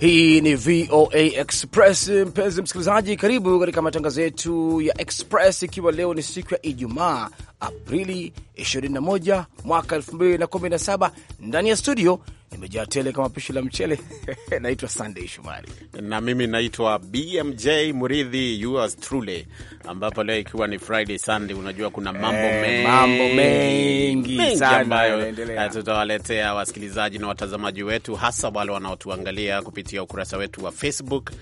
Hii ni VOA Express. Mpenzi msikilizaji, karibu katika matangazo yetu ya Express, ikiwa leo ni siku ya Ijumaa Aprili 21 mwaka 2017 ndani ya studio nimejaa tele kama pishi la mchele. Naitwa Sunday Shumari na mimi naitwa BMJ Muridhi, yours truly, ambapo leo ikiwa ni Friday Sunday, unajua kuna mambo hey, eh, mambo mengi ambayo eh, tutawaletea wasikilizaji na watazamaji wetu, hasa wale wanaotuangalia kupitia ukurasa wetu wa Facebook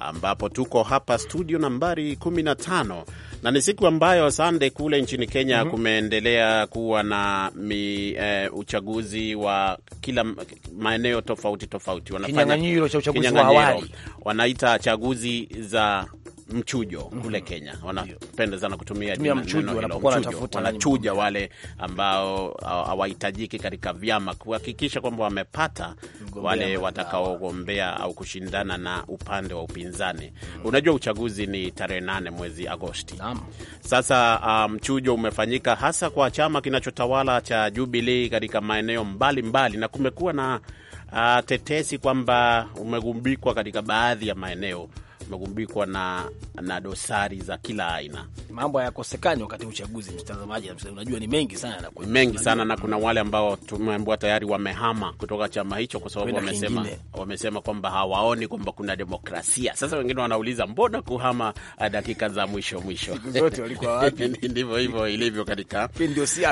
ambapo tuko hapa studio nambari 15 na ni siku ambayo sande kule nchini Kenya mm -hmm. kumeendelea kuwa na mi, eh, uchaguzi wa kila maeneo tofauti tofauti, wanafanya kinyang'anyiro cha uchaguzi wa awali, wanaita chaguzi za mchujo mhm. kule Kenya, wanapenda sana kutumia jina mchujo, wanachuja wale ambao hawahitajiki katika vyama, kuhakikisha kwamba wamepata wale watakaogombea au kushindana na upande wa upinzani. Mm. Unajua uchaguzi ni tarehe nane mwezi Agosti. Naam. Sasa ah, mchujo um, umefanyika hasa kwa chama kinachotawala cha Jubilee katika maeneo mbalimbali mbali, na kumekuwa na uh, tetesi kwamba umegumbikwa katika baadhi ya maeneo tumegubikwa na, na dosari za kila aina. Mambo hayakosekani wakati wa uchaguzi, mtazamaji, unajua ni mengi sana na mengi sana na kuna wale ambao tumeambiwa tayari wamehama kutoka chama hicho kwa sababu wamesema, wamesema kwamba hawaoni kwamba kuna demokrasia. Sasa wengine wanauliza mbona kuhama uh, dakika za mwisho mwisho? Ndivyo hivyo ilivyo katika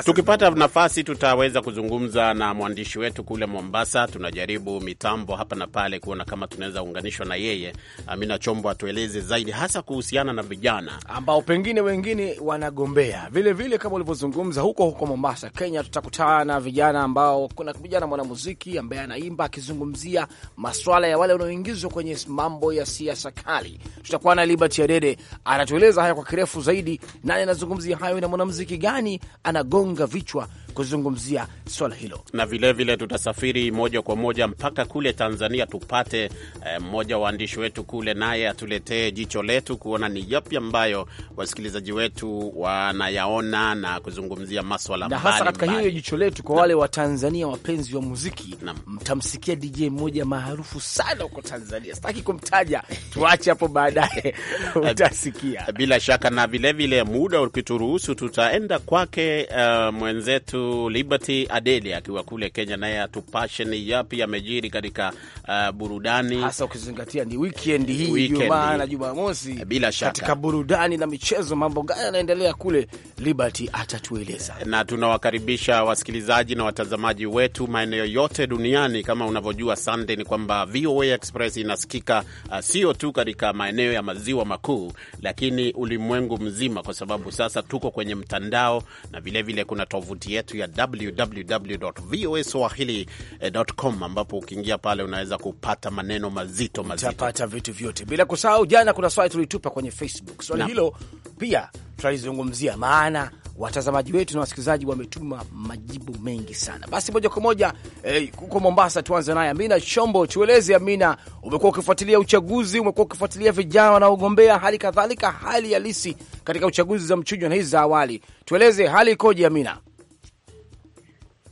tukipata nafasi tutaweza kuzungumza na mwandishi wetu kule Mombasa. Tunajaribu mitambo hapa na pale kuona kama tunaweza unganishwa na yeye Amina Chombo ndipo atueleze zaidi, hasa kuhusiana na vijana ambao pengine wengine wanagombea vilevile vile, kama ulivyozungumza huko huko Mombasa, Kenya. Tutakutana na vijana ambao, kuna vijana mwanamuziki ambaye anaimba akizungumzia maswala ya wale wanaoingizwa kwenye mambo ya siasa kali. Tutakuwa na Liberty Adede, anatueleza haya kwa kirefu zaidi, nani anazungumzia hayo na mwanamuziki gani anagonga vichwa kuzungumzia swala hilo, na vilevile vile tutasafiri moja kwa moja mpaka kule Tanzania tupate eh, mmoja eh, wa waandishi wetu kule, naye atuletee jicho letu kuona ni yapi ambayo wasikilizaji wetu wanayaona na kuzungumzia maswala na hasa katika hiyo jicho letu kwa na, wale wa Tanzania wapenzi wa muziki na, mtamsikia DJ mmoja maarufu sana huko Tanzania, sitaki kumtaja, tuache hapo baadaye eh, utasikia bila shaka, na vilevile muda ukituruhusu tutaenda kwake uh, mwenzetu Liberty Adede akiwa kule Kenya, naye atupashe ni yapi amejiri katika uh, burudani, hasa ukizingatia ni weekend hii, Ijumaa na Jumamosi. Eh, bila shaka katika burudani na michezo, mambo gani yanaendelea kule, Liberty atatueleza, na tunawakaribisha wasikilizaji na watazamaji wetu maeneo yote duniani. Kama unavyojua Sunday, ni kwamba VOA Express inasikika uh, sio tu katika maeneo ya maziwa makuu, lakini ulimwengu mzima, kwa sababu sasa tuko kwenye mtandao na vilevile vile kuna tovuti yetu ya www voa swahili.com, ambapo ukiingia pale unaweza kupata maneno mazito mazito, utapata vitu vyote, bila kusahau, jana kuna swali tulitupa kwenye Facebook. Swali hilo pia tutalizungumzia, maana watazamaji wetu na wasikilizaji wametuma majibu mengi sana. Basi moja kwa moja eh, huko eh, Mombasa, tuanze naye Amina Chombo. Tueleze Amina, umekuwa ukifuatilia uchaguzi, umekuwa ukifuatilia vijana wanaogombea, hali kadhalika hali halisi katika uchaguzi za mchujo na hizi za awali. Tueleze hali ikoje, Amina?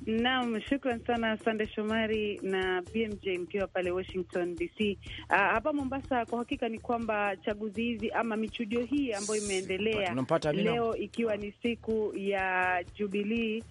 Naam, shukran sana Sande Shomari na BMJ mkiwa pale Washington DC. Ah, hapa Mombasa kwa hakika ni kwamba chaguzi hizi ama michujo hii ambayo imeendelea leo ikiwa ni siku ya Jubilii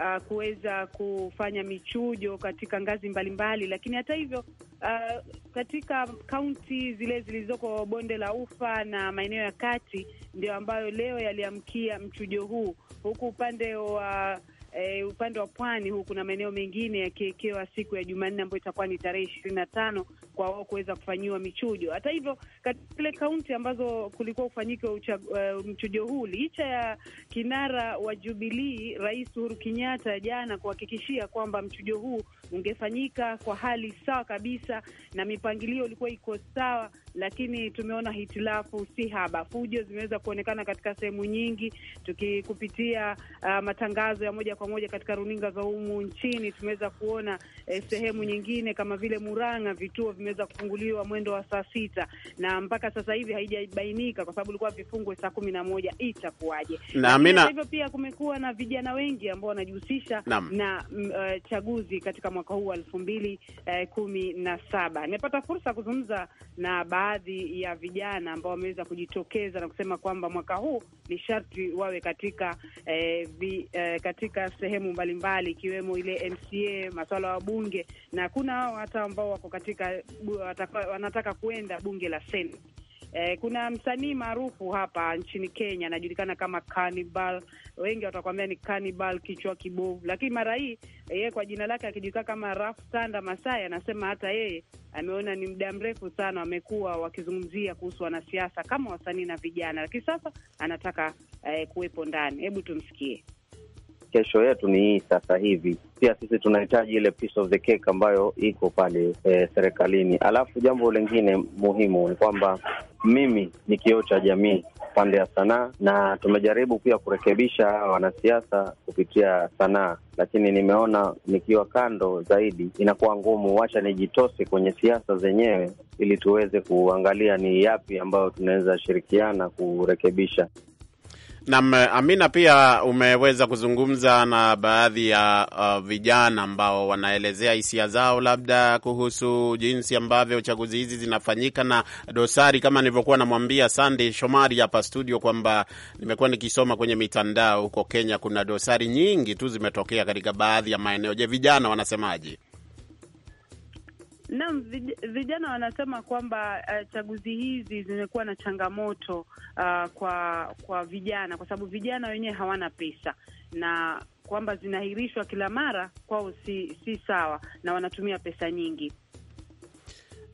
Uh, ah, kuweza kufanya michujo katika ngazi mbalimbali, lakini hata hivyo, uh, katika kaunti zile zilizoko bonde la ufa na maeneo ya kati ndio ambayo leo yaliamkia mchujo huu, huku upande wa uh, e, upande wa pwani huu kuna maeneo mengine yakiwekewa siku ya Jumanne ambayo itakuwa ni tarehe ishirini na tano kwa wao kuweza kufanyiwa michujo. Hata hivyo, katika zile kaunti ambazo kulikuwa wa uh, mchujo huu, licha ya kinara wa Jubilii Rais Uhuru Kenyatta jana kuhakikishia kwamba mchujo huu ungefanyika kwa hali sawa kabisa na mipangilio ilikuwa iko sawa, lakini tumeona hitilafu si haba. Fujo zimeweza kuonekana katika sehemu nyingi, tukikupitia uh, matangazo ya moja kwa moja katika runinga za humu nchini. Tumeweza kuona eh, sehemu nyingine kama vile Murang'a vituo vimeweza kufunguliwa mwendo wa saa sita na mpaka sasa hivi haijabainika kwa sababu ilikuwa vifungwe saa kumi na moja itakuwaje. Hivyo pia kumekuwa na vijana wengi ambao wanajihusisha na, na m, mm, uh, eh, chaguzi katika mwaka huu wa elfu mbili uh, kumi na saba. Nimepata fursa ya kuzungumza na baadhi ya vijana ambao wameweza kujitokeza na kusema kwamba mwaka huu ni sharti wawe katika eh, vi, eh, katika sehemu mbalimbali ikiwemo ile MCA maswala wa bunge, na kuna hao hata ambao wako katika wanataka kuenda bunge la Senate. Eh, kuna msanii maarufu hapa nchini Kenya anajulikana kama Cannibal. Wengi watakwambia ni Cannibal kichwa kibovu, lakini mara hii yeye kwa jina lake akijulikana kama Rafsanda Masai anasema hata yeye ameona ni muda mrefu sana wamekuwa wakizungumzia kuhusu wanasiasa kama wasanii na vijana, lakini sasa anataka eh, kuwepo ndani. Hebu tumsikie kesho yetu ni hii sasa hivi. Pia sisi tunahitaji ile piece of the cake ambayo iko pale e, serikalini. Alafu jambo lingine muhimu ni kwamba mimi ni kioo cha jamii pande ya sanaa, na tumejaribu pia kurekebisha wanasiasa kupitia sanaa, lakini nimeona nikiwa kando zaidi inakuwa ngumu. Wacha nijitose kwenye siasa zenyewe ili tuweze kuangalia ni yapi ambayo tunaweza shirikiana kurekebisha. Naam, Amina, pia umeweza kuzungumza na baadhi ya uh, vijana ambao wanaelezea hisia zao labda kuhusu jinsi ambavyo chaguzi hizi zinafanyika na dosari. Kama nilivyokuwa namwambia Sunday Shomari hapa studio kwamba nimekuwa nikisoma kwenye mitandao huko Kenya, kuna dosari nyingi tu zimetokea katika baadhi ya maeneo. Je, vijana wanasemaje? Naam, vijana wanasema kwamba uh, chaguzi hizi zimekuwa na changamoto uh, kwa kwa vijana, kwa sababu vijana wenyewe hawana pesa na kwamba zinaahirishwa kila mara kwao si, si sawa na wanatumia pesa nyingi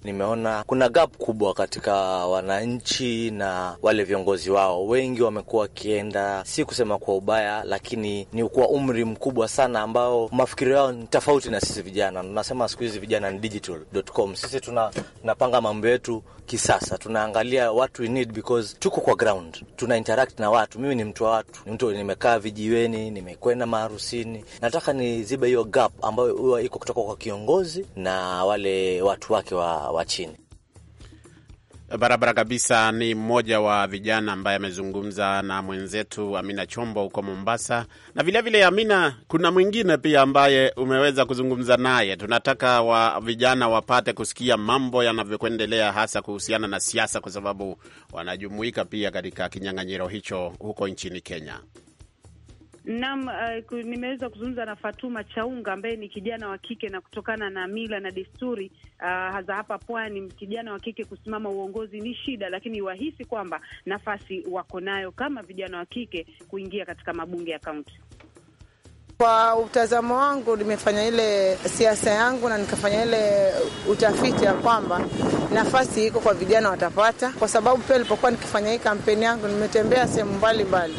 nimeona kuna gap kubwa katika wananchi na wale viongozi wao. Wengi wamekuwa wakienda, si kusema kwa ubaya, lakini ni kwa umri mkubwa sana ambao mafikirio yao ni tofauti na sisi vijana. Tunasema siku hizi vijana ni digital.com. Sisi tuna mambo yetu kisasa, tunaangalia what we need because tuko kwa ground, tuna interact na watu. Mimi ni mtu wa watu, ni mtu nimekaa vijiweni, nimekwenda maharusini. Nataka nizibe hiyo gap ambayo huwa iko kutoka kwa kiongozi na wale watu wake wa, wa chini barabara kabisa. Ni mmoja wa vijana ambaye amezungumza na mwenzetu Amina Chombo huko Mombasa, na vilevile vile, Amina, kuna mwingine pia ambaye umeweza kuzungumza naye. Tunataka wa vijana wapate kusikia mambo yanavyokuendelea, hasa kuhusiana na siasa, kwa sababu wanajumuika pia katika kinyang'anyiro hicho huko nchini Kenya. Naam, uh, nimeweza kuzungumza na Fatuma Chaunga ambaye ni kijana wa kike, na kutokana na mila na desturi uh, za hapa pwani, kijana wa kike kusimama uongozi ni shida, lakini wahisi kwamba nafasi wako nayo kama vijana wa kike kuingia katika mabunge ya kaunti. Kwa utazamo wangu, nimefanya ile siasa yangu na nikafanya ile utafiti ya kwamba nafasi iko kwa vijana watapata, kwa sababu pia nilipokuwa nikifanya hii kampeni yangu nimetembea sehemu mbalimbali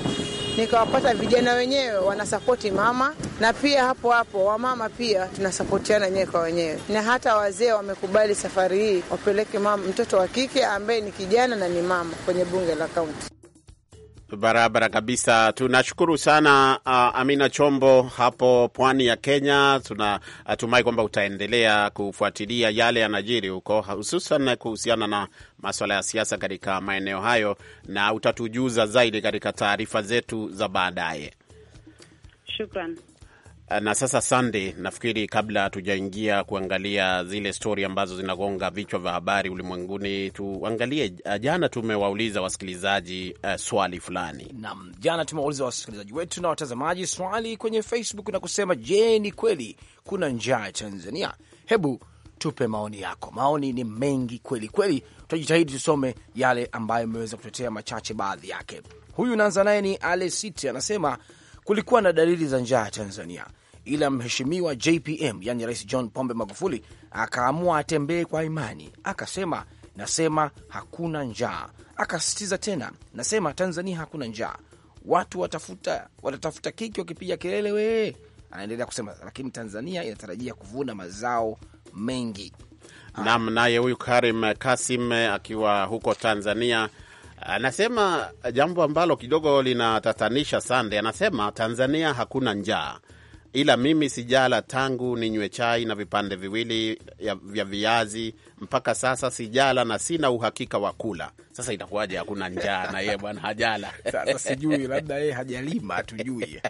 nikawapata vijana wenyewe wanasapoti mama, na pia hapo hapo wamama pia tunasapotiana wenyewe kwa wenyewe, na hata wazee wamekubali safari hii wapeleke mama mtoto wa kike ambaye ni kijana na ni mama kwenye bunge la kaunti. Barabara kabisa. Tunashukuru sana uh, Amina Chombo hapo pwani ya Kenya. Tunatumai uh, kwamba utaendelea kufuatilia yale yanajiri huko, hususan kuhusiana na maswala ya siasa katika maeneo hayo, na utatujuza zaidi katika taarifa zetu za baadaye. Shukran. Eh, na sasa sande nafikiri kabla hatujaingia kuangalia zile stori ambazo zinagonga vichwa vya habari ulimwenguni, tuangalie eh, jana. Tumewauliza wasikilizaji uh, swali fulani. Naam, jana tumewauliza wasikilizaji wetu na watazamaji swali kwenye Facebook na kusema, je, ni kweli kuna njaa ya Tanzania? Hebu tupe maoni yako. Maoni ni mengi kweli kweli, tutajitahidi tusome yale ambayo imeweza kutetea machache baadhi yake. Huyu naanza naye ni Alesiti anasema kulikuwa na dalili za njaa Tanzania, ila mheshimiwa JPM, yani Rais John Pombe Magufuli, akaamua atembee kwa imani, akasema nasema hakuna njaa. Akasisitiza tena, nasema Tanzania hakuna njaa, watu watafuta, watatafuta kiki wakipiga kelele wee. Anaendelea kusema lakini Tanzania inatarajia kuvuna mazao mengi. Naam, naye huyu Karim Kasim akiwa huko Tanzania Anasema jambo ambalo kidogo linatatanisha Sande. Anasema Tanzania hakuna njaa, ila mimi sijala tangu ninywe chai na vipande viwili vya viazi mpaka sasa sijala na sina uhakika wa kula. Sasa itakuwaje hakuna njaa na yeye bwana hajala? Sasa sijui, labda yeye hajalima, hatujui.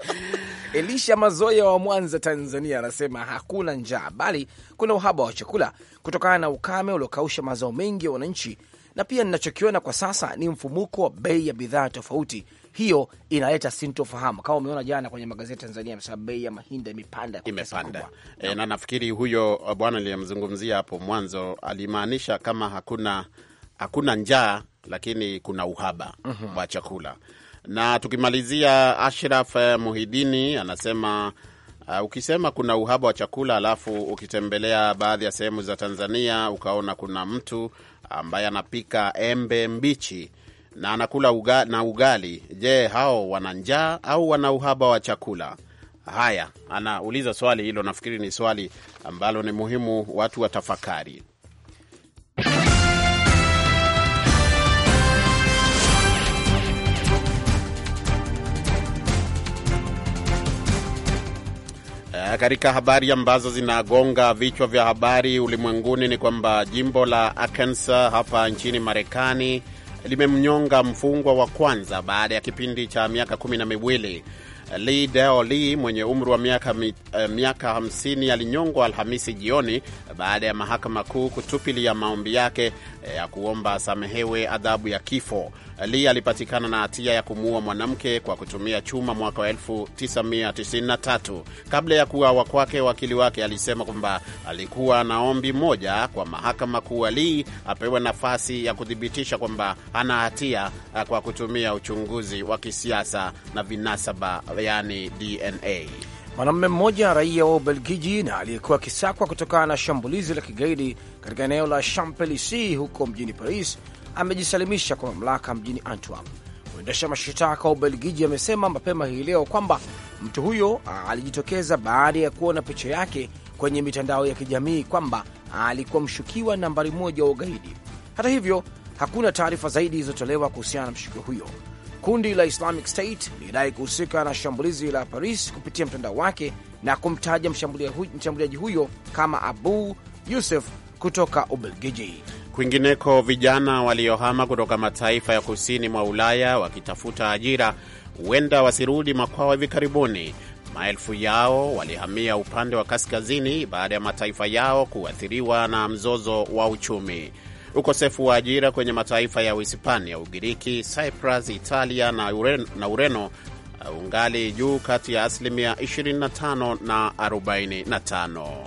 Elisha Mazoya wa Mwanza, Tanzania anasema hakuna njaa, bali kuna uhaba wa chakula kutokana na ukame uliokausha mazao mengi ya wananchi na pia ninachokiona kwa sasa ni mfumuko wa bei ya bidhaa tofauti. Hiyo inaleta sintofahamu, kama umeona jana kwenye magazeti ya Tanzania, sababu bei ya mahindi imepanda, imepanda e, na nafikiri huyo uh, bwana niliyemzungumzia hapo mwanzo alimaanisha kama hakuna hakuna njaa, lakini kuna uhaba mm -hmm. wa chakula. Na tukimalizia, Ashraf eh, Muhidini anasema Uh, ukisema kuna uhaba wa chakula alafu ukitembelea baadhi ya sehemu za Tanzania ukaona kuna mtu ambaye anapika embe mbichi na anakula uga, na ugali. Je, hao wana njaa au wana uhaba wa chakula? Haya, anauliza swali hilo. Nafikiri ni swali ambalo ni muhimu watu watafakari. Katika habari ambazo zinagonga vichwa vya habari ulimwenguni ni kwamba jimbo la Arkansas hapa nchini Marekani limemnyonga mfungwa wa kwanza baada ya kipindi cha miaka kumi na miwili. Lee Deo Lee mwenye umri wa miaka, eh, miaka 50 alinyongwa Alhamisi jioni baada ya mahakama kuu kutupilia ya maombi yake eh, ya kuomba asamehewe adhabu ya kifo. Lee alipatikana na hatia ya kumuua mwanamke kwa kutumia chuma mwaka wa 1993. Kabla ya kuawa kwake, wakili wake alisema kwamba alikuwa na ombi moja kwa mahakama kuu, Lee apewe nafasi ya kuthibitisha kwamba ana hatia eh, kwa kutumia uchunguzi wa kisiasa na vinasaba yani DNA. Mwanamume mmoja raia wa Ubelgiji na aliyekuwa akisakwa kutokana na shambulizi la kigaidi katika eneo la champelic huko mjini Paris amejisalimisha kwa mamlaka mjini Antwerp. Mwendesha mashitaka wa Ubelgiji amesema mapema hii leo kwamba mtu huyo alijitokeza baada ya kuona picha yake kwenye mitandao ya kijamii kwamba alikuwa mshukiwa nambari moja wa ugaidi. Hata hivyo, hakuna taarifa zaidi zilizotolewa kuhusiana na mshukiwa huyo. Kundi la Islamic State lilidai kuhusika na shambulizi la Paris kupitia mtandao wake na kumtaja mshambuliaji huyo kama Abu Yusuf kutoka Ubelgiji. Kwingineko, vijana waliohama kutoka mataifa ya kusini mwa Ulaya wakitafuta ajira huenda wasirudi makwao hivi karibuni. Maelfu yao walihamia upande wa kaskazini baada ya mataifa yao kuathiriwa na mzozo wa uchumi. Ukosefu wa ajira kwenye mataifa ya Uhispania, Ugiriki, Cyprus, Italia na Ureno, na Ureno uh, ungali juu kati ya asilimia 25 na 45.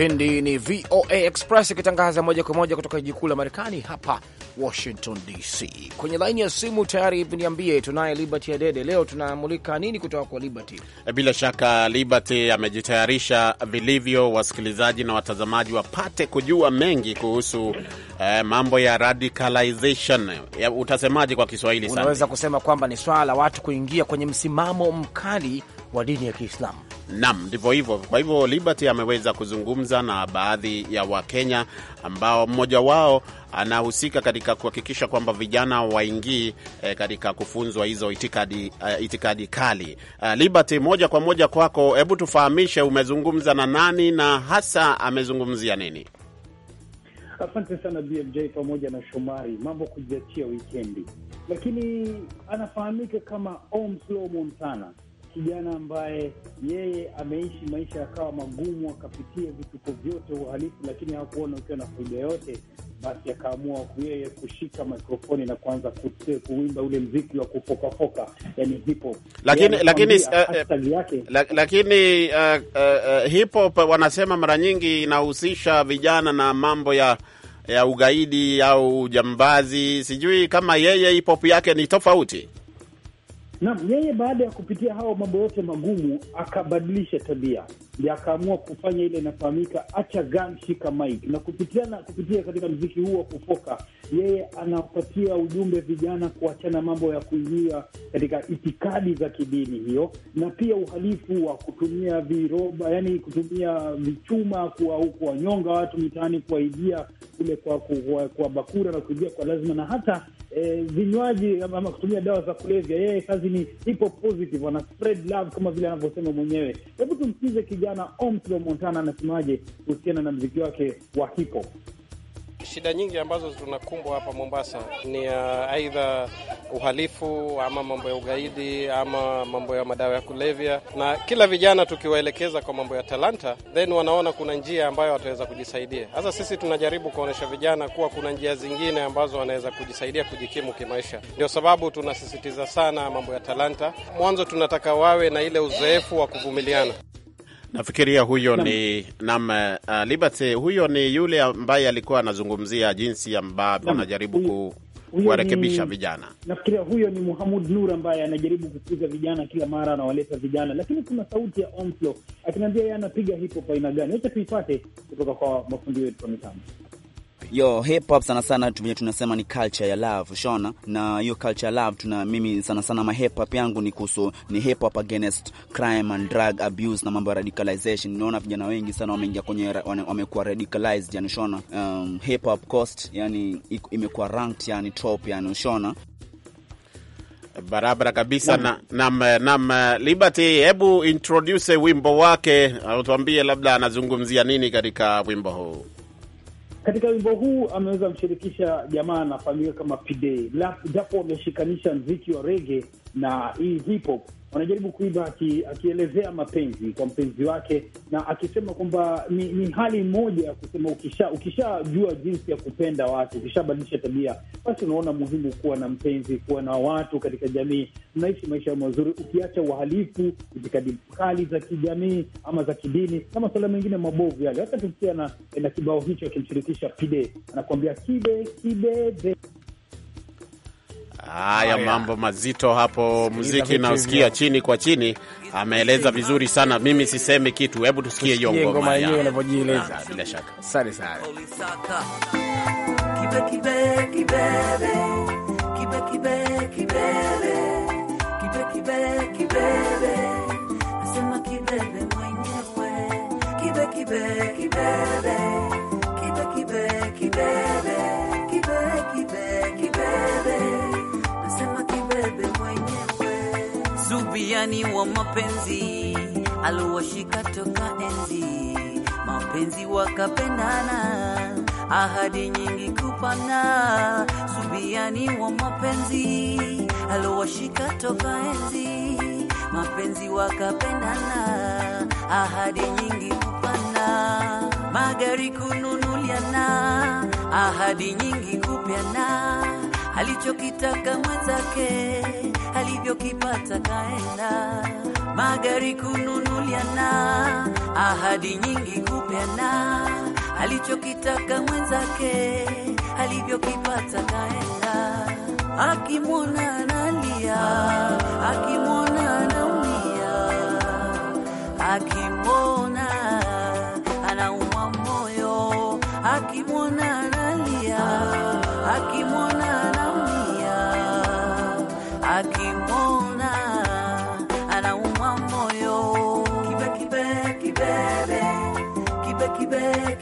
Kipindi ni VOA Express ikitangaza moja kwa moja kutoka jiji kuu la Marekani hapa Washington DC. Kwenye laini ya simu tayari hivi niambie, tunaye Liberty Adede. Leo tunamulika nini kutoka kwa Liberty? Bila shaka Liberty amejitayarisha vilivyo, wasikilizaji na watazamaji wapate kujua mengi kuhusu eh, mambo ya radicalization. Ya, utasemaje kwa Kiswahili? Unaweza kusema kwamba ni swala la watu kuingia kwenye msimamo mkali wa dini ya Kiislamu Nam, ndivyo hivyo. Kwa hivyo Liberty ameweza kuzungumza na baadhi ya Wakenya ambao mmoja wao anahusika katika kuhakikisha kwamba vijana waingii eh, katika kufunzwa hizo itikadi, uh, itikadi kali. Uh, Liberty, moja kwa moja kwako, hebu tufahamishe umezungumza na nani na hasa amezungumzia nini? Asante sana BMJ pamoja na Shomari, mambo kujiachia wikendi, lakini anafahamika kama Omslow Montana kijana ambaye yeye ameishi maisha yakawa magumu, akapitia vituko vyote uhalifu, lakini hakuona ukiwa na faida yote, basi akaamua yeye kushika mikrofoni na kuanza kute, kuimba ule mziki wa kufokafoka, yani hip hop. Lakini lakini eh, eh, lakini eh, hip hop wanasema mara nyingi inahusisha vijana na mambo ya ya ugaidi au jambazi, sijui kama yeye hip hop yake ni tofauti. Naam, yeye baada ya kupitia hao mambo yote magumu akabadilisha tabia, ndio akaamua kufanya ile inafahamika acha gun shika mic, na kupitia na kupitia katika mziki huu wa kufoka, yeye anapatia ujumbe vijana kuachana mambo ya kuingia katika itikadi za kidini hiyo, na pia uhalifu wa kutumia viroba, yani kutumia vichuma kuwa kuwanyonga watu mitaani, kuwaibia kule kwa, kwa, kwa, kwa bakura na kuingia kwa lazima na hata eh, vinywaji ama kutumia dawa za kulevya. Yeye kazi ni ipo positive, ana spread love kama vile anavyosema mwenyewe. Hebu tumsikize kijana Omslo Montana anasemaje kuhusiana na mziki wake wa hip hop. Shida nyingi ambazo tunakumbwa hapa Mombasa ni uh, aidha uhalifu ama mambo ya ugaidi ama mambo ya madawa ya kulevya, na kila vijana tukiwaelekeza kwa mambo ya talanta, then wanaona kuna njia ambayo wataweza kujisaidia. Sasa sisi tunajaribu kuonyesha vijana kuwa kuna njia zingine ambazo wanaweza kujisaidia kujikimu kimaisha. Ndio sababu tunasisitiza sana mambo ya talanta. Mwanzo tunataka wawe na ile uzoefu wa kuvumiliana. Nafikiria huyo ni nam, uh, eh, eh, Liberty huyo ni yule ambaye alikuwa anazungumzia jinsi ambavyo anajaribu ku kuwarekebisha vijana. Nafikiria huyo ni Muhamud Nur ambaye anajaribu kukuza vijana kila mara, anawaleta vijana, lakini kuna sauti ya Omflow akiniambia yeye anapiga hip hop aina gani. Wacha tuipate kutoka kwa mafundi wetu wa mitambo yo hip hop sana sana tumenye tunasema ni culture ya love shona, na hiyo culture ya love tuna mimi sana sana ma hip hop yangu ni kuhusu ni hip hop against crime and drug abuse na mambo ya radicalization. naona vijana wengi sana wameingia kwenye wamekuwa radicalized yani shona. Um, hip hop cost yani imekuwa ranked yani top yani shona barabara kabisa nam na, na, na, Liberty, hebu introduce wimbo wake, uh, utuambie labda anazungumzia nini katika wimbo huu. Katika wimbo huu ameweza mshirikisha jamaa anafahamika kama p japo wameshikanisha mziki wa rege na hii hip hop wanajaribu kuiba, akielezea mapenzi kwa mpenzi wake, na akisema kwamba ni, ni hali moja ya kusema, ukishajua jinsi ya kupenda watu, ukishabadilisha tabia, basi unaona muhimu kuwa na mpenzi, kuwa na watu katika jamii, mnaishi maisha mazuri, ukiacha uhalifu, itikadi kali za kijamii ama za kidini na masuala mengine mabovu yale. Hata tukia na, na kibao hicho akimshirikisha Pide anakuambia kibe kibe be Haya, mambo mazito hapo. Muziki nausikia chini kwa chini, ameeleza vizuri sana. Mimi sisemi kitu, hebu tusikie hiyo ngoma yenyewe inavyojieleza. Bila shaka, asante sana. mtihani wa mapenzi aliwashika toka enzi mapenzi wakapendana, ahadi nyingi kupana. Subiani wa mapenzi aliwashika toka enzi mapenzi wakapendana, ahadi nyingi kupana. Magari kununuliana, ahadi nyingi kupyana, alichokitaka mwenzake alivyokipata kaenda, magari kununuliana, ahadi nyingi kupeana, alichokitaka mwenzake alivyokipata kaenda, akimwona analia, akimwona anaumia, akimwona anaumwa moyo, akimwona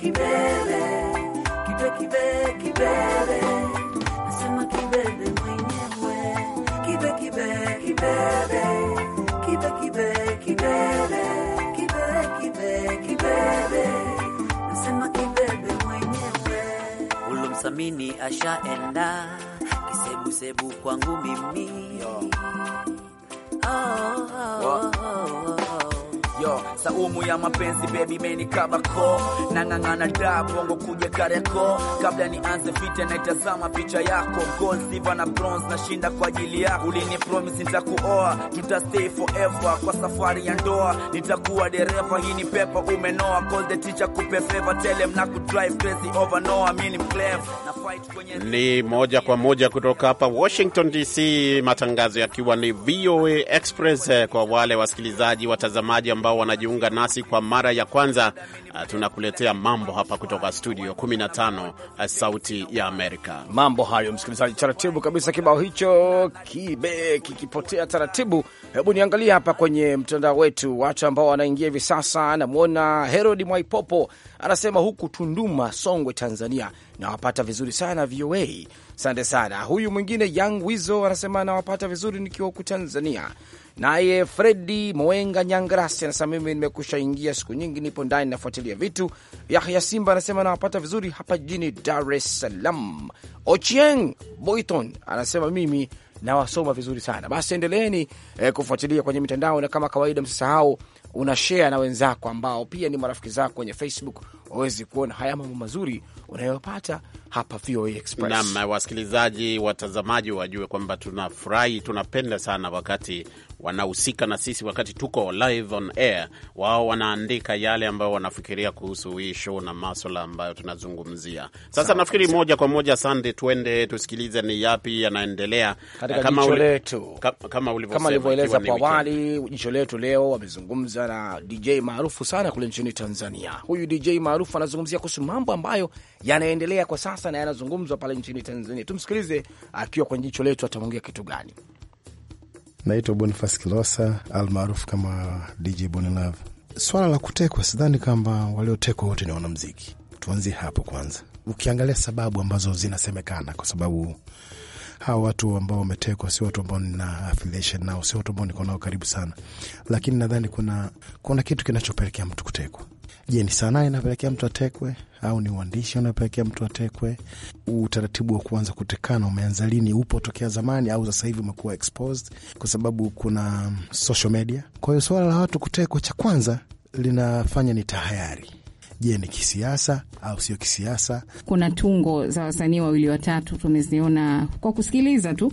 kibebe kibe kibe kibebe nasema kibebe mwenyewe kibe kibe kibebe kibebe kibebe nasema kibebe mwenyewe ulomsamini ashaenda kisebusebu kwangu mimi oh, oh, oh, oh. oh. Yo, saumu ya mapenzi baby imenikaba koo, nang'ang'ana da bongo kuja kareko kabla ni nianze vita itazama picha yako, gold silver na bronze na shinda kwa ajili yako. Ulini promise nitakuoa, stay forever kwa safari ya ndoa, nitakuwa dereva, hii ni pepa umenoa, call the teacher kupe favor, tell him na ku drive crazy over no I mean clever na fight kwenye ni moja kwa moja kutoka hapa Washington DC, matangazo yakiwa ni VOA Express eh, kwa wale wasikilizaji watazamaji ambao ambao wanajiunga nasi kwa mara ya kwanza, uh, tunakuletea mambo hapa kutoka studio 15 uh, Sauti ya Amerika. Mambo hayo, msikilizaji, taratibu kabisa. Kibao hicho kibe kikipotea taratibu. Hebu niangalia hapa kwenye mtandao wetu, watu ambao wanaingia hivi sasa. Namwona Herod Mwaipopo anasema huku Tunduma, Songwe, Tanzania, nawapata vizuri sana VOA. Asante sana. Huyu mwingine Young Wizo anasema nawapata vizuri nikiwa huku Tanzania. Naye Fredi Moenga Nyangrasi anasema mimi nimekusha ingia siku nyingi, nipo ndani nafuatilia vitu. Yahya Simba anasema nawapata vizuri hapa jijini Dar es Salaam. Ochieng Boyton anasema mimi nawasoma vizuri sana. Basi endeleeni eh, kufuatilia kwenye mitandao, na kama kawaida msisahau una share na wenzako ambao pia ni marafiki zako kwenye Facebook wawezi kuona haya mambo mazuri unayopata hapa VOA Express. Naam, wasikilizaji, watazamaji wajue kwamba tunafurahi, tunapenda sana wakati wanahusika na sisi wakati tuko live on air, wao wanaandika yale ambayo wanafikiria kuhusu hii show na maswala ambayo tunazungumzia sasa. Nafikiri moja kwa moja, Sande, twende tusikilize ni yapi yanaendelea kama ulivyoeleza kwa awali. Jicho letu leo wamezungumza na DJ maarufu sana kule nchini Tanzania. Huyu DJ maarufu anazungumzia kuhusu mambo ambayo yanaendelea kwa sasa na yanazungumzwa pale nchini Tanzania. Tumsikilize akiwa kwenye jicho letu, ataongea kitu gani? Naitwa Bonifas Kilosa almaarufu kama DJ Bonilove. Swala la kutekwa, sidhani kwamba waliotekwa wote ni wanamziki. Tuanzie hapo kwanza, ukiangalia sababu ambazo zinasemekana, kwa sababu hawa watu ambao wametekwa sio watu ambao nina affiliation nao, sio watu ambao niko nao karibu sana, lakini nadhani kuna, kuna kitu kinachopelekea mtu kutekwa Je, ni sanaa inapelekea mtu atekwe au ni uandishi unapelekea mtu atekwe? Utaratibu wa kuanza kutekana umeanza lini? Upo tokea zamani au sasa hivi umekuwa exposed kwa sababu kuna um, social media? Kwa hiyo suala la watu kutekwa, cha kwanza linafanya ni tahayari Je, ni kisiasa au sio kisiasa? Kuna tungo za wasanii wawili watatu tumeziona kwa kusikiliza tu,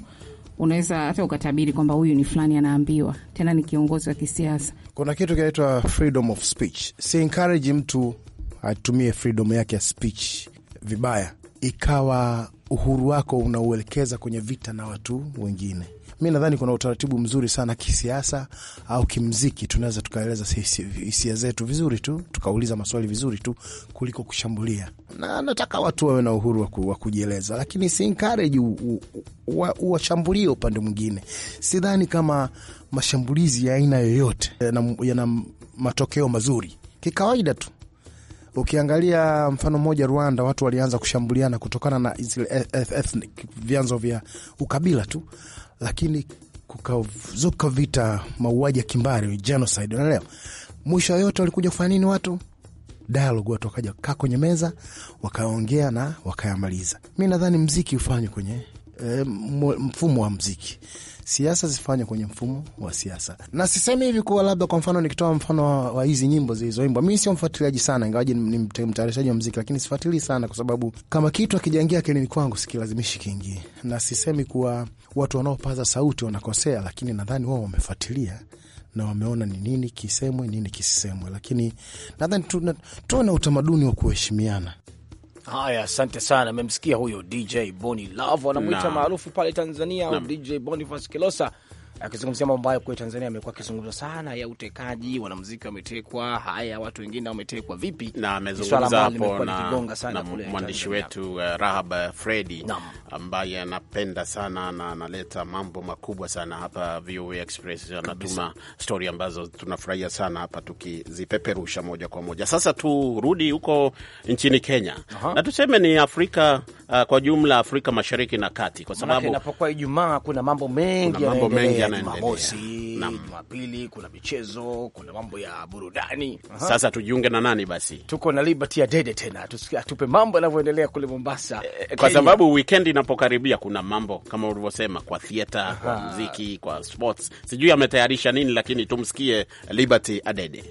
unaweza hata ukatabiri kwamba huyu ni fulani anaambiwa, tena ni kiongozi wa kisiasa kuna kitu kinaitwa freedom of speech. Si encourage mtu atumie freedom yake ya speech vibaya, ikawa uhuru wako unauelekeza kwenye vita na watu wengine mi nadhani kuna utaratibu mzuri sana kisiasa au kimziki, tunaweza tukaeleza hisia zetu vizuri tu tukauliza maswali vizuri tu kuliko kushambulia, na nataka watu wawe na uhuru wa kujieleza, lakini si encourage uwashambulie upande mwingine. Sidhani kama mashambulizi ya aina yoyote yana ya matokeo mazuri, kikawaida tu Ukiangalia mfano mmoja, Rwanda, watu walianza kushambuliana kutokana na e, e, ethnic vyanzo vya ukabila tu, lakini kukazuka vita, mauaji ya kimbari, genocide. Unaelewa, mwisho wa yote walikuja kufanya nini? Watu dialogue, watu wakaja kaa kwenye meza, wakaongea na wakayamaliza. Mi nadhani mziki ufanywe kwenye e, mfumo wa mziki. Siasa zifanywe kwenye mfumo wa siasa, na sisemi hivi kuwa labda, kwa mfano nikitoa mfano wa hizi nyimbo zilizoimbwa, mi sio mfuatiliaji sana, ingawaji ni mtayarishaji wa mziki, lakini sifuatilii sana kwa sababu kama kitu akijaingia akilini kwangu sikilazimishi kingi, na sisemi kuwa watu wanaopaza sauti wanakosea, lakini nadhani wao wamefuatilia na wameona ni nini kisemwe, nini kisisemwe, lakini nadhani tuwe na utamaduni wa kuheshimiana Haya, asante sana. Amemsikia huyo DJ Boni Love, anamwita maarufu pale Tanzania, DJ Boniface Kilosa akizungumzia mambo ambayo kwa Tanzania amekuwa akizungumza sana ya utekaji, wanamuziki wametekwa, haya watu wengine wametekwa vipi, na amezungumza hapo na mwandishi wetu uh, Rahab uh, Fredi ambaye anapenda sana na analeta mambo makubwa sana hapa VOA Express, anatuma stori ambazo tunafurahia sana hapa tukizipeperusha moja kwa moja. Sasa turudi huko nchini Kenya, Aha. na tuseme ni Afrika uh, kwa jumla Afrika Mashariki na Kati, kwa sababu inapokuwa Ijumaa kuna mambo mengi yanaendelea, Jumamosi, Jumapili kuna michezo, kuna mambo ya burudani. Aha. Sasa tujiunge na nani basi? Tuko na Liberty Adede tena, tupe mambo yanavyoendelea kule Mombasa, eh, eh kwa sababu weekend inapokaribia kuna mambo kama ulivyosema, kwa theater, kwa muziki, kwa sports. Sijui ametayarisha nini, lakini tumsikie Liberty Adede.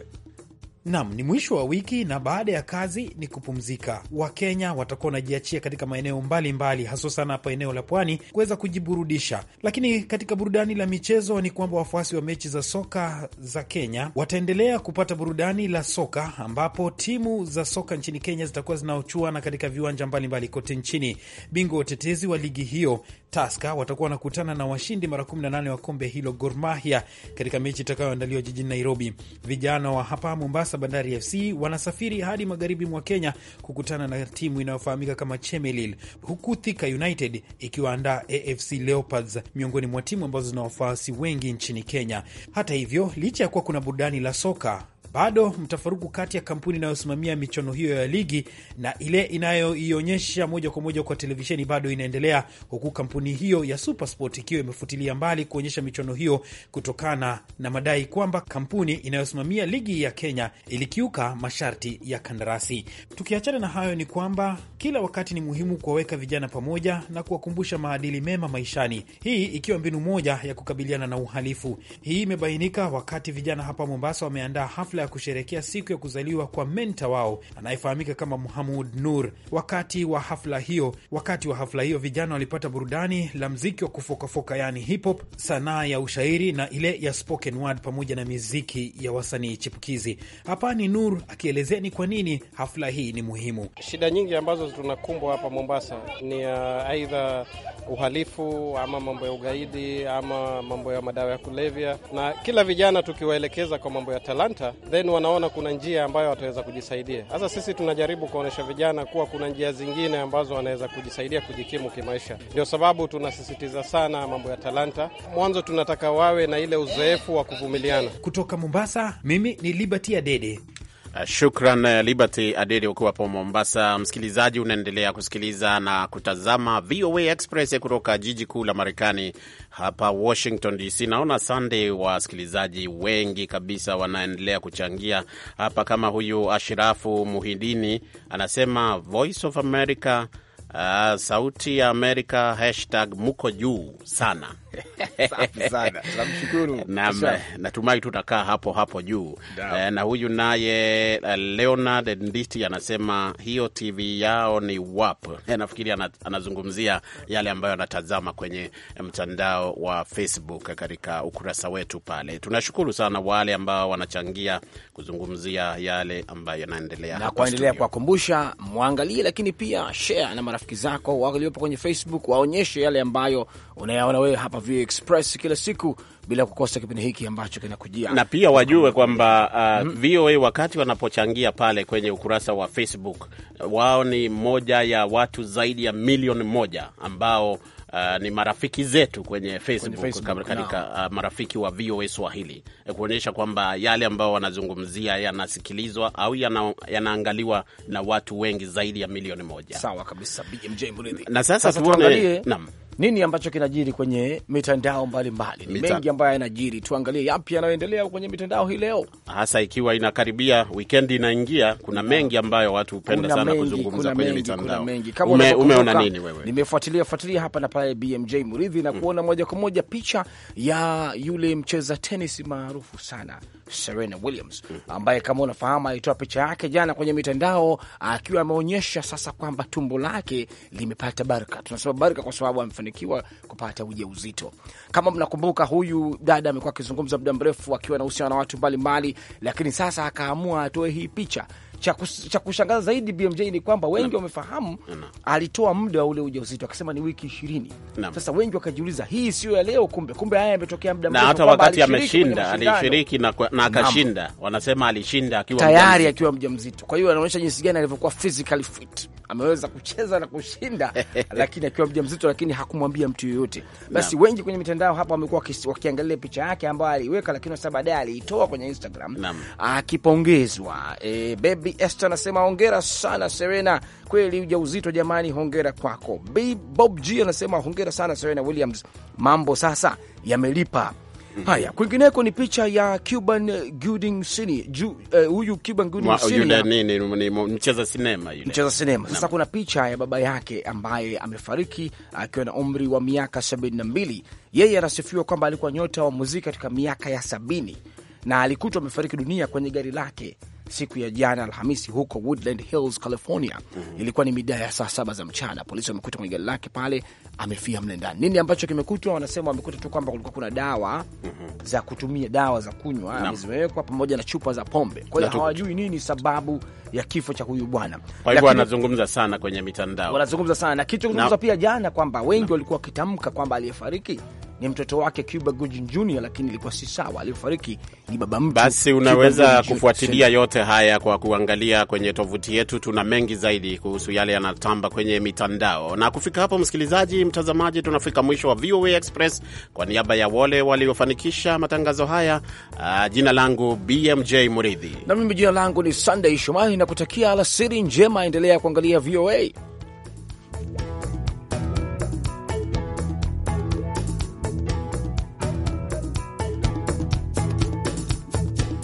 Nam, ni mwisho wa wiki na baada ya kazi ni kupumzika. Wakenya watakuwa wanajiachia katika maeneo mbalimbali, haswa sana hapa eneo la pwani kuweza kujiburudisha. Lakini katika burudani la michezo ni kwamba wafuasi wa mechi za soka za Kenya wataendelea kupata burudani la soka, ambapo timu za soka nchini Kenya zitakuwa zinaochuana katika viwanja mbalimbali kote nchini. Bingwa watetezi wa ligi hiyo Taska watakuwa wanakutana na washindi mara 18 wa kombe hilo Gor Mahia katika mechi itakayoandaliwa jijini Nairobi. Vijana wa hapa Mombasa sasa Bandari FC wanasafiri hadi magharibi mwa Kenya kukutana na timu inayofahamika kama Chemelil, huku Thika United ikiwaandaa AFC Leopards, miongoni mwa timu ambazo zina wafuasi wengi nchini Kenya. Hata hivyo, licha ya kuwa kuna burudani la soka bado mtafaruku kati ya kampuni inayosimamia michuano hiyo ya ligi na ile inayoionyesha moja kwa moja kwa televisheni bado inaendelea, huku kampuni hiyo ya SuperSport ikiwa imefutilia mbali kuonyesha michuano hiyo kutokana na madai kwamba kampuni inayosimamia ligi ya Kenya ilikiuka masharti ya kandarasi. Tukiachana na hayo, ni kwamba kila wakati ni muhimu kuwaweka vijana pamoja na kuwakumbusha maadili mema maishani, hii ikiwa mbinu moja ya kukabiliana na uhalifu. Hii imebainika wakati vijana hapa Mombasa wameandaa hafla hafla ya kusherekea siku ya kuzaliwa kwa menta wao anayefahamika kama Muhamud Nur. Wakati wa hafla hiyo wakati wa hafla hiyo vijana walipata burudani la mziki wa kufokafoka, yani hip hop, sanaa ya ushairi na ile ya spoken word, pamoja na miziki ya wasanii chipukizi. Hapa ni Nur akielezea ni kwa nini hafla hii ni muhimu. Shida nyingi ambazo tunakumbwa hapa Mombasa ni uh, aidha uh, uhalifu ama mambo ya ugaidi ama mambo ya madawa ya kulevya, na kila vijana tukiwaelekeza kwa mambo ya talanta then wanaona kuna njia ambayo wataweza kujisaidia. Sasa sisi tunajaribu kuonyesha vijana kuwa kuna njia zingine ambazo wanaweza kujisaidia kujikimu kimaisha. Ndio sababu tunasisitiza sana mambo ya talanta. Mwanzo tunataka wawe na ile uzoefu wa kuvumiliana. Kutoka Mombasa, mimi ni Liberty Adede. Uh, shukran uh, Liberty Adede ukiwa po Mombasa. Msikilizaji, unaendelea kusikiliza na kutazama VOA Express kutoka jiji kuu la Marekani hapa Washington DC. Naona Sunday, wasikilizaji wengi kabisa wanaendelea kuchangia hapa, kama huyu Ashirafu Muhidini anasema Voice of America, uh, sauti ya America hashtag muko juu sana natumai tutakaa hapo hapo juu e. Na huyu naye eh, Leonard Nditi anasema hiyo TV yao ni WAP. E, nafikiri anazungumzia yale ambayo anatazama kwenye mtandao wa Facebook katika ukurasa wetu pale. Tunashukuru sana wale ambao wanachangia kuzungumzia yale ambayo yanaendelea na kuendelea kuwakumbusha, mwangalie, lakini pia share na marafiki zako waliopo kwenye Facebook, waonyeshe yale ambayo unayaona wewe hapa VOA Express kila siku bila kukosa kipindi hiki ambacho kinakujia, na pia wajue kwamba uh, mm -hmm. VOA wakati wanapochangia pale kwenye ukurasa wa Facebook, uh, wao ni moja ya watu zaidi ya milioni moja ambao Uh, ni marafiki zetu kwenye Facebook, katika uh, marafiki wa VOA Swahili uh, kuonyesha kwamba yale ambayo wanazungumzia yanasikilizwa au yanaangaliwa na, na watu wengi zaidi ya milioni moja. Sawa kabisa, BMJ Mridhi. Na sasa, sasa tuone nini ambacho kinajiri kwenye mitandao mbalimbali. Ni mengi ambayo yanajiri, tuangalie yapi yanayoendelea kwenye mitandao hii leo, hasa ikiwa inakaribia wikendi inaingia. Kuna ah. mengi ambayo watu hupenda sana mengi, kuzungumza kwenye mitandao. Ume, umeona nini wewe? Nimefuatilia fuatilia hapa na pale BMJ Muridhi na mm. kuona mm, moja kwa moja picha ya yule mcheza tenis maarufu sana Serena Williams mm, ambaye kama unafahamu alitoa picha yake jana kwenye mitandao akiwa ameonyesha sasa kwamba tumbo lake limepata baraka. Tunasema baraka kwa sababu amefanikiwa kupata ujauzito. Kama mnakumbuka, huyu dada amekuwa akizungumza muda mrefu akiwa anahusiana na watu mbalimbali, lakini sasa akaamua atoe hii picha. Cha kushangaza zaidi BMJ ni kwamba wengi wamefahamu alitoa muda wa ule ujauzito, akasema ni wiki ishirini. Sasa wengi wakajiuliza hii sio ya leo, kumbe kumbe haya yametokea muda mrefu. Na hata wakati ameshinda alishiriki na, na akashinda, wanasema alishinda akiwa tayari akiwa mjamzito. Kwa hiyo anaonyesha jinsi gani alivyokuwa physically fit ameweza kucheza na kushinda lakini akiwa mjamzito, lakini hakumwambia mtu yoyote. Basi wengi kwenye mitandao hapa wamekuwa wakiangalia picha yake ambayo aliweka lakini sasa baadaye aliitoa kwenye Instagram akipongezwa. E, baby Esther anasema hongera sana Serena, kweli ujauzito jamani, hongera kwako. Bob G anasema hongera sana Serena Williams, mambo sasa yamelipa Haya, kwingineko ni picha ya Cuban Gooding huyu mcheza sinema yule, mcheza sinema. Sasa kuna picha ya baba yake ambaye amefariki akiwa na umri wa miaka 72. Yeye anasifiwa kwamba alikuwa nyota wa muziki katika miaka ya sabini na alikutwa amefariki dunia kwenye gari lake siku ya jana Alhamisi huko Woodland Hills, California. mm -hmm. Ilikuwa ni mida ya saa saba za mchana, polisi wamekuta kwenye gari lake pale, amefia mle ndani. Nini ambacho kimekutwa? Wanasema wamekuta tu kwamba kulikuwa kuna dawa mm -hmm. za kutumia, dawa za kunywa zimewekwa pamoja na chupa za pombe. Kwa hiyo hawajui nini sababu ya kifo cha huyu bwana. Kwa hivyo wanazungumza sana kwenye mitandao, wanazungumza sana na kitu kuzungumza pia jana kwamba wengi walikuwa wakitamka kwamba aliyefariki ni mtoto wake Cuba Gooding Jr, lakini ilikuwa si sawa, aliyofariki ni baba mtu. Basi unaweza kufuatilia yote haya kwa kuangalia kwenye tovuti yetu, tuna mengi zaidi kuhusu yale yanatamba kwenye mitandao. Na kufika hapo, msikilizaji, mtazamaji, tunafika mwisho wa VOA Express. Kwa niaba ya wale waliofanikisha matangazo haya, uh, jina langu BMJ Muridhi na mimi jina langu ni Sunday Shomari na kutakia alasiri njema. Endelea kuangalia VOA.